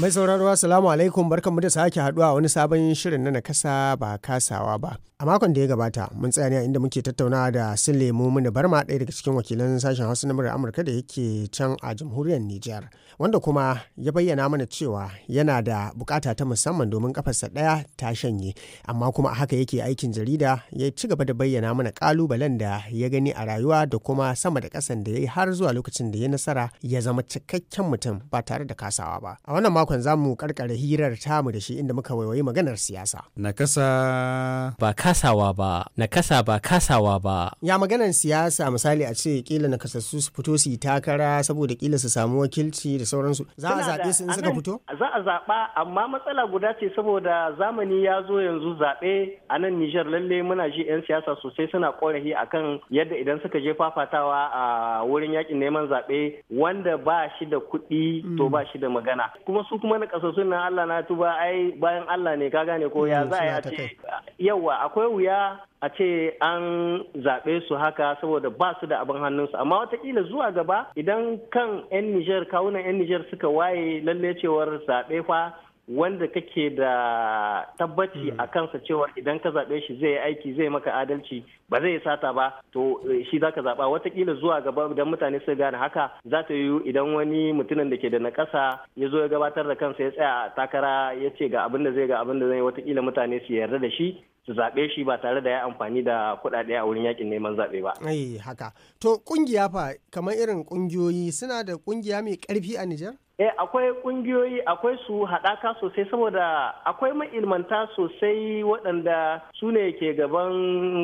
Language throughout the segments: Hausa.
Mai sauraro Assalamu alaikum barkanmu da sake haduwa wani sabon shirin na nakasa ba kasawa ba. A makon da ya gabata mun tsaya ne a inda muke tattaunawa da sun lemu mini barma ɗaya daga cikin wakilan sashen Hausa na murar Amurka da yake can a jamhuriyar Nijar. Wanda kuma ya bayyana mana cewa yana da bukata ta musamman domin kafarsa ɗaya ta shanye amma kuma a haka yake aikin jarida ya ci gaba da bayyana mana kalubalen da ya gani a rayuwa da kuma sama da ƙasan da ya yi har zuwa lokacin da ya nasara ya zama cikakken mutum ba tare da kasawa ba. A wannan makon mu karkare hirar tamu da shi inda muka waiwayi maganar siyasa. Nakasa ba kasawa ba, kasa ba kasawa ba. Ya maganar siyasa misali a ce kila nakasassu su fito su yi takara saboda kila su samu wakilci da sauransu. Za a zaɓe su in suka fito? Za a zaɓa amma matsala guda ce saboda zamani ya zo yanzu zaɓe a nan Nijar lalle muna ji 'yan siyasa sosai suna a akan yadda idan suka je fafatawa a wurin yakin neman zaɓe wanda ba shi da kuɗi to ba shi da magana. Kuma su kuma na kasassun na Allah na tuba ai bayan Allah ne ka gane ko ya mm, za a ce yawa akwai wuya a ce an zaɓe su haka saboda ba su da abin hannunsu amma watakila zuwa gaba idan kan 'yan Nijar kawunan 'yan Nijar suka waye lalle cewar zaɓe fa wanda kake da tabbaci hmm. a kansa cewa idan ka zaɓe shi zai aiki zai maka adalci ba zai sata ba to eh, shi za ka zaɓa watakila zuwa gaba idan mutane su gane haka za ta yiwu idan wani mutumin da ke da nakasa ya zo ya gabatar da kansa ya tsaya a takara ya ce ga abin da zai ga abin da zai watakila mutane su yarda da shi su zaɓe shi ba tare da ya amfani da kuɗaɗe a wurin yakin neman zaɓe ba. Ai haka to ƙungiya fa kamar irin ƙungiyoyi suna da ƙungiya mai ƙarfi a Nijar? eh akwai kungiyoyi akwai su haɗaka sosai saboda akwai ma'ilmanta sosai waɗanda su ne ke gaban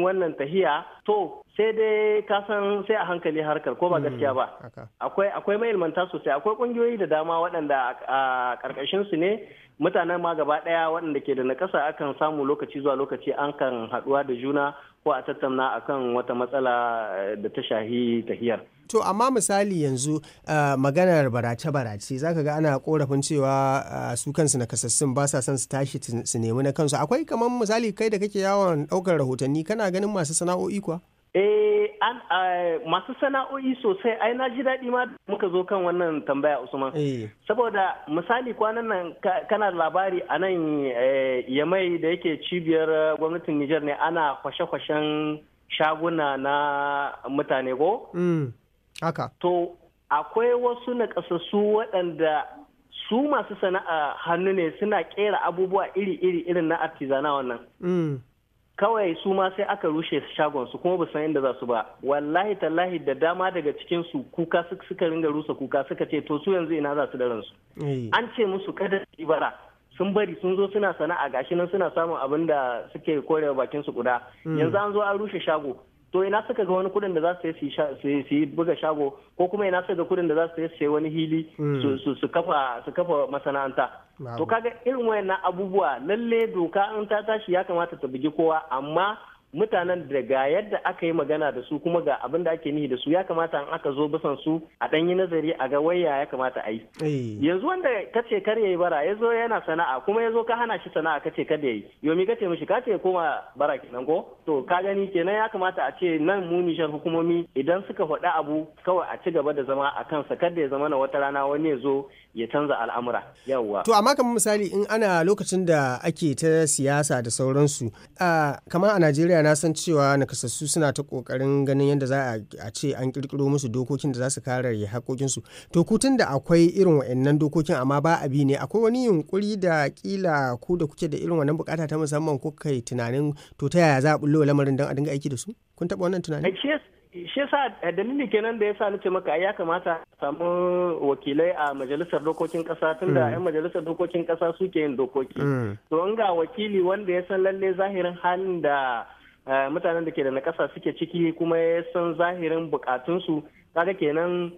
wannan tahiya To sai dai ka san sai a hankali harkar ko ba hmm, gaskiya ba. Akwai akwai mailmanta sosai akwai kungiyoyi da dama waɗanda a karkashin su ne mutanen ma gaba ɗaya waɗanda ke da nakasa akan samu lokaci zuwa lokaci an kan haɗuwa da juna ko a tattauna akan wata matsala eh, da ta shahi tahiyar. To amma misali yanzu eh, maganar barace-barace zaka ga ana korafin cewa eh, su kansu na ba sa son su tashi su nemi na kansu akwai kamar misali kai da kake yawon ɗaukar rahotanni kana ganin masu sana'o'i kuwa? Eh, eh, masu sana'o'i sosai ai na ji daɗi ma muka zo kan wannan tambaya Usman. Eh. Saboda misali kwanan nan kana labari a nan eh, yamai da yake cibiyar gwamnatin Nijar ne ana kwashe-kwashen shaguna na mutane ko? Mm, haka. To, akwai wasu nakasassu waɗanda su masu sana'a hannu ne suna ƙera abubuwa iri-iri irin na artizana wannan. Mm. kawai su ma sai aka rushe shagon su kuma ba san inda za su ba wallahi tallahi da dama daga cikin su kuka suka ringa rusa kuka suka ce to su yanzu ina za su da ransu eh. an ce musu kada su bara sun bari sun zo suna sana'a gashi nan suna samun abin da suke korewa bakin su guda hmm. yanzu an zo an rushe shago to ina suka ga wani kudin da za su yi buga shago ko kuma ina suka ga kudin da za su yi wani hili hmm. su kafa masana'anta to kaga irin wayannan abubuwa lalle doka an ta tashi ya kamata ta bugi kowa amma mutanen da ga yadda aka yi magana da su kuma ga abin da ake nihi da su ya kamata an aka zo bisan su a ɗan yi nazari a ga waya ya kamata a yi. Eh. Yanzu wanda ka ce kar ya yi bara ya zo yana sana'a kuma ya zo ka hana shi sana'a ka ce kar ya yi. Yomi ka ce mishi ka ce koma bara kenan ko? To ka gani kenan ya kamata a ce nan mu nishar hukumomi idan suka faɗi abu kawai a ci gaba da zama a kansa kar da ya zama na wata rana wani ya zo ya canza al'amura yawwa. To amma kamar misali in ana lokacin da ake ta siyasa da sauransu kamar a Najeriya najeriya na san cewa nakasassu suna ta kokarin ganin yadda za a ce an kirkiro musu dokokin da za su kare haƙoƙinsu to kutun da akwai irin wa'annan dokokin amma ba a bi ne akwai wani yunkuri da kila ku da kuke da irin wannan bukata ta musamman ko kai tunanin to ta yaya za a bullo lamarin don a dinga aiki da su kun taɓa wannan tunanin shi yasa dalili kenan da yasa nace maka ya kamata samu wakilai a majalisar dokokin kasa tunda yan mm. majalisar dokokin kasa suke yin dokoki mm. to ga wakili wanda ya san lalle zahirin halin da mutanen da ke da nakasa suke ciki kuma ya san zahirin bukatunsu kaga kenan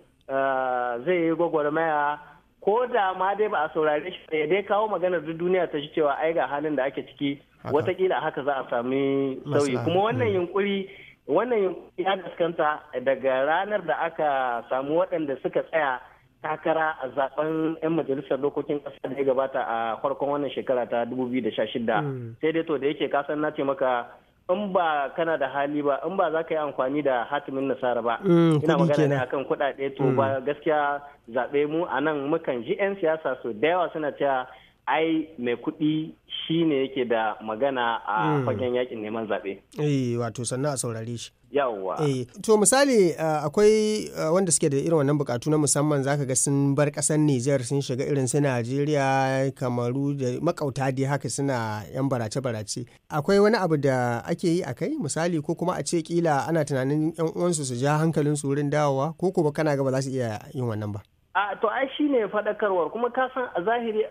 zai yi gwagwarmaya ko da ma dai ba a saurare shi ya dai kawo maganar duk duniya ta shi cewa ai ga halin da ake ciki watakila haka za a sami sauyi kuma wannan hmm. yunkuri wannan yunkuri ya gaskanta daga ranar da aka samu waɗanda suka tsaya takara a zaben 'yan majalisar dokokin kasa da ya gabata a farkon wannan shekara ta 2016 hmm. sai dai to da yake kasan na ce maka in ba kana da hali ba in ba za ka yi amfani da hatimin nasara ba mm, ina magana ne akan kuɗaɗe to ba mm. gaskiya zaɓe mu a nan mukan ji 'yan siyasa so da yawa suna cewa ai mai kuɗi shi ne yake da magana a hmm. fagen yakin neman zaɓe. Eh wato sannan a saurare shi. Yawwa. Eh to misali eh, akwai eh, wanda suke da irin wannan bukatu na musamman zaka ga sun bar ƙasar Nijar sun shiga irin su Najeriya, Kamaru da makauta dai haka suna yan barace-barace. Akwai wani abu da ake yi a kai misali ko kuma a ce kila ana tunanin yan uwansu su ja hankalin su wurin dawowa ko ko ba kana ga ba za su iya yin wannan ba. a to ai shine fadakarwar kuma ka san a zahiri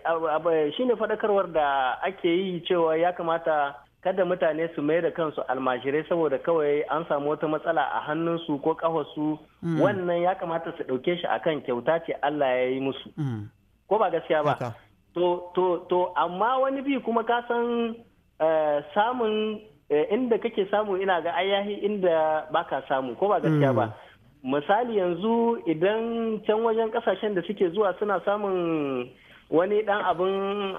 shine fadakarwar da ake yi cewa ya kamata kada mutane su mai da kansu almajirai saboda kawai an samu wata matsala a hannunsu ko kafasu mm. wannan ya kamata su ɗauke shi akan kyauta ce Allah ya yi musu mm. ko ba gaskiya ba to to to amma wani bi kuma ka san eh, samun eh, inda kake samu ina ga ayyahi inda baka samu ko ba gaskiya ba mm. misali yanzu idan can wajen kasashen da suke zuwa suna samun wani dan abin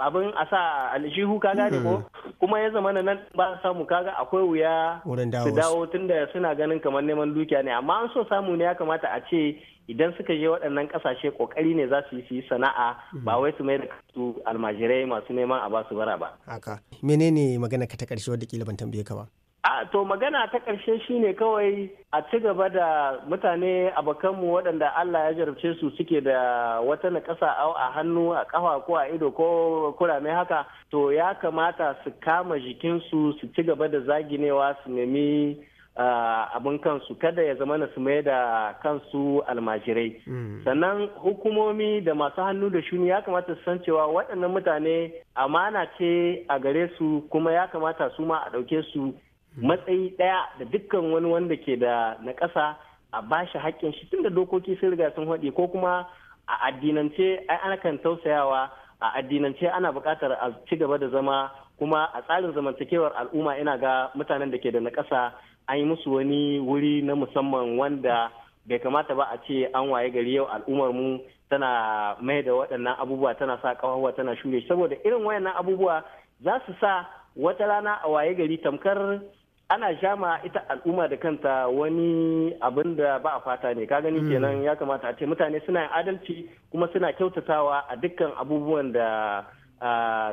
abin a sa alishihu kaga ne ko mm-hmm. kuma ya zama nan ba samu kaga akwai wuya su dawo tunda suna ganin kamar neman dukiya ne amma an so samu ne ya kamata a ce idan suka je waɗannan ƙasashe ƙoƙari ne za su yi sana'a mm-hmm. ba wai su mai da su almajirai masu neman a ba su bara ba. Haka menene magana ka ta ƙarshe wadda kila ban tambaye ka ba. a to magana ta ƙarshe shine kawai a ci gaba da mutane abokanmu waɗanda Allah ya jarabce su suke da wata naƙasa a hannu a ƙafa ko a ido ko kurame haka to ya kamata su kama jikinsu su ci gaba da zaginewa su nemi abin kansu kada ya zama na su mai da kansu almajirai mm. sannan hukumomi da masu hannu da shuni ya kamata su san cewa waɗannan mutane amana ce a gare su kuma ya kamata su ma a ɗauke su matsayi ɗaya da dukkan wani wanda ke da na ƙasa a shi haƙƙin shi tunda dokoki sun riga sun haɗe ko kuma a addinance ai ana kan tausayawa a addinance ana buƙatar a ci gaba da zama kuma a tsarin zamantakewar al'umma ina ga mutanen da ke da na ƙasa an yi musu wani wuri na musamman wanda bai kamata ba a ce an waye gari yau al'ummar mu tana mai da waɗannan abubuwa tana sa ƙawawa tana shure saboda irin wayannan abubuwa za su sa wata rana a waye gari tamkar ana shama ita al'umma da kanta wani abin da ba a fata ne ka gani hmm. kenan ya kamata a ce mutane suna yin adalci kuma suna kyautatawa a dukkan abubuwan da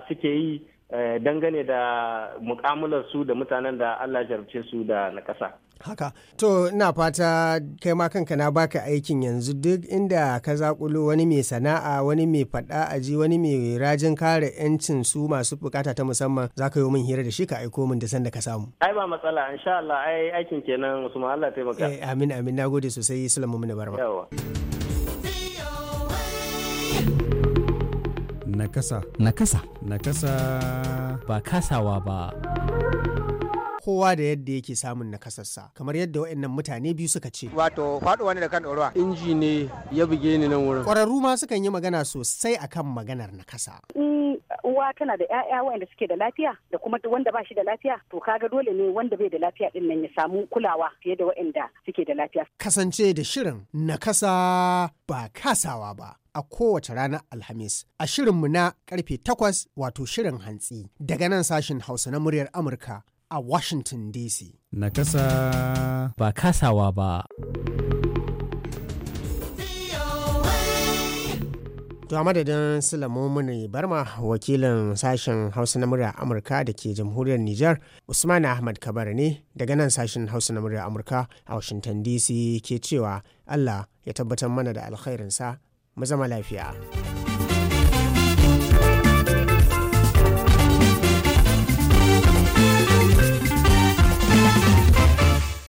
suke yi eh, dangane da mukamular da mutanen da Allah jarabce su da na ƙasa. haka to ina fata kai ma kanka na baka aikin yanzu duk inda ka zakulo wani mai sana'a wani mai fada aji wani mai rajin kare yancin su masu bukata ta musamman za ka yi min hira da shi ka aiko min da sanda ka samu ai ba matsala insha Allah ai aikin kenan Usman Allah taimaka eh amin amin nagode sosai Sulaiman mun barma na nakasa nakasa nakasa ba kasawa ba kowa da yadda yake samun nakasarsa kamar yadda waɗannan mutane biyu suka ce wato faɗuwa ne da kan ɗorawa inji ne ya buge ni nan wurin ƙwararru ma sukan yi magana sosai akan maganar nakasa uwa tana da 'ya'ya waɗanda suke da lafiya da kuma wanda ba shi da lafiya to kaga dole ne wanda bai da lafiya din nan ya samu kulawa fiye da waɗanda suke da lafiya kasance da shirin nakasa ba kasawa ba a kowace ranar Alhamis a shirinmu na karfe takwas wato shirin hantsi daga nan sashin Hausa na muryar Amurka a Washington DC. Nakasa ba kasawa ba. To a madadin muni Barma wakilin sashen Hausa na murya Amurka da ke jamhuriyar Nijar Usman Ahmad Kabar ne daga nan sashen Hausa na murya Amurka a Washington DC ke cewa Allah ya tabbatar mana da alkhairinsa mu zama lafiya.